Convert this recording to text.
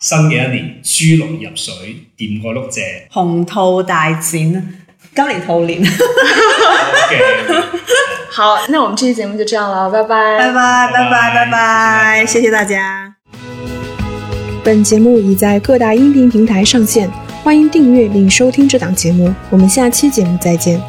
新嘅一年，嗯、豬籠入水，掂過碌蔗，紅兔大展，今年兔年。 Okay. 好，那我們這期節目就這樣了，拜拜，拜拜，拜拜，拜拜，謝謝大家。本節目已在各大音頻平台上線，歡迎訂閱並收聽這檔節目。我們下期節目再見。